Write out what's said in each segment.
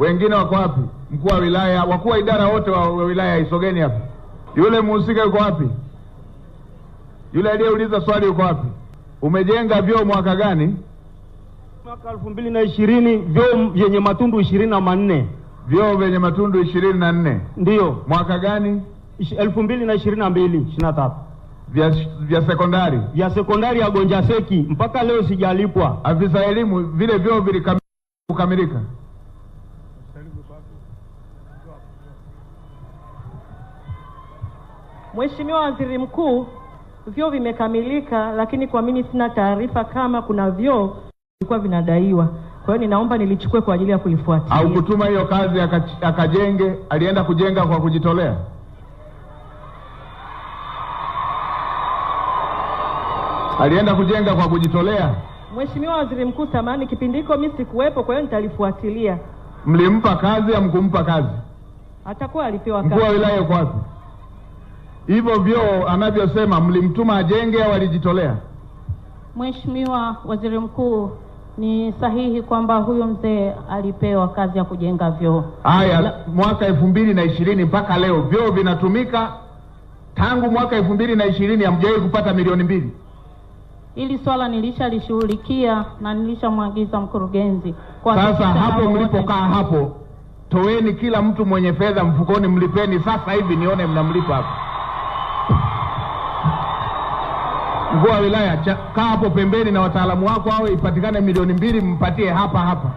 Wengine wako wapi? Mkuu wa wilaya, wakuu wa idara wote wa wilaya, ya isogeni hapa. Yule mhusika yuko wapi? Yule aliyeuliza swali yuko wapi? Umejenga vyoo mwaka gani? Mwaka elfu mbili na ishirini vyoo vyenye matundu ishirini na manne vyoo vyenye matundu ishirini na nne ndiyo. Mwaka gani? elfu mbili na ishirini na mbili ishirini na tatu vya, vya sekondari vya sekondari ya Gonja Seki mpaka leo sijalipwa. Afisa elimu, vile vyoo vilikamilika? Mheshimiwa Waziri Mkuu, vyoo vimekamilika, lakini kwa mimi sina taarifa kama kuna vyoo vilikuwa vinadaiwa. Kwa hiyo ninaomba nilichukue kwa ajili ya kulifuatilia. Au kutuma hiyo kazi akajenge, alienda kujenga kwa kujitolea. Alienda kujenga kwa kujitolea. Mheshimiwa Waziri Mkuu, tamani kipindi hiko mimi sikuwepo, kwa hiyo nitalifuatilia. Mlimpa kazi amkumpa kazi? Atakuwa alipewa kazi. Mkuu wa wilaya kwanza hivyo vyoo anavyosema mlimtuma ajenge au alijitolea? Mheshimiwa Waziri Mkuu, ni sahihi kwamba huyu mzee alipewa kazi ya kujenga vyoo. Haya, mwaka elfu mbili na ishirini mpaka leo vyoo vinatumika. Tangu mwaka elfu mbili na ishirini hamjawahi kupata milioni mbili. Hili swala nilishalishughulikia na nilishamwagiza mkurugenzi kwa sasa. Hapo mlipokaa hapo, toweni kila mtu mwenye fedha mfukoni, mlipeni sasa hivi nione mnamlipa hapo. mkuu wa wilaya, kaa hapo pembeni na wataalamu wako hao, ipatikane milioni mbili mpatie hapa hapa.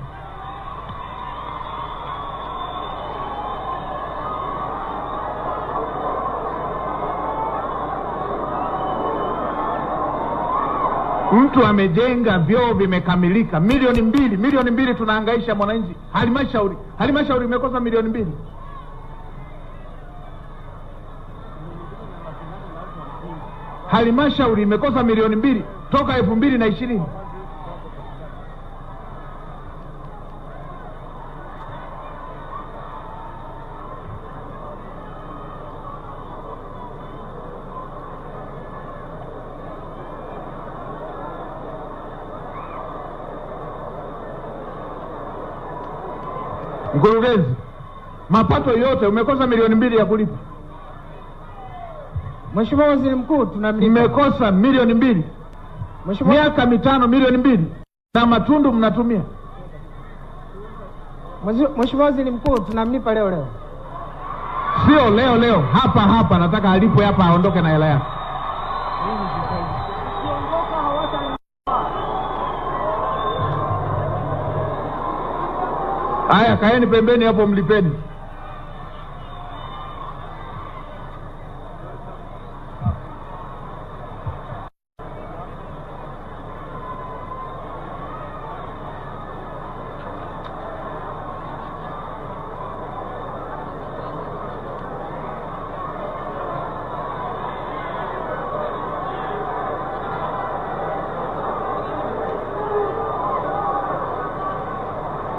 Mtu amejenga vyoo vimekamilika, milioni mbili, milioni mbili tunahangaisha mwananchi. Halmashauri halmashauri imekosa milioni mbili. halmashauri imekosa milioni mbili toka elfu mbili na ishirini Mkurugenzi, mapato yote umekosa milioni mbili ya kulipa. Mheshimiwa Waziri Mkuu, tunamiliki milioni mbili miaka mitano, milioni mbili na matundu mnatumia. Mheshimiwa Waziri Mkuu, tunamlipa leo leo, sio leo leo, hapa hapa. Nataka alipwe hapa, aondoke na hela yake. Haya, kaeni pembeni hapo, mlipeni.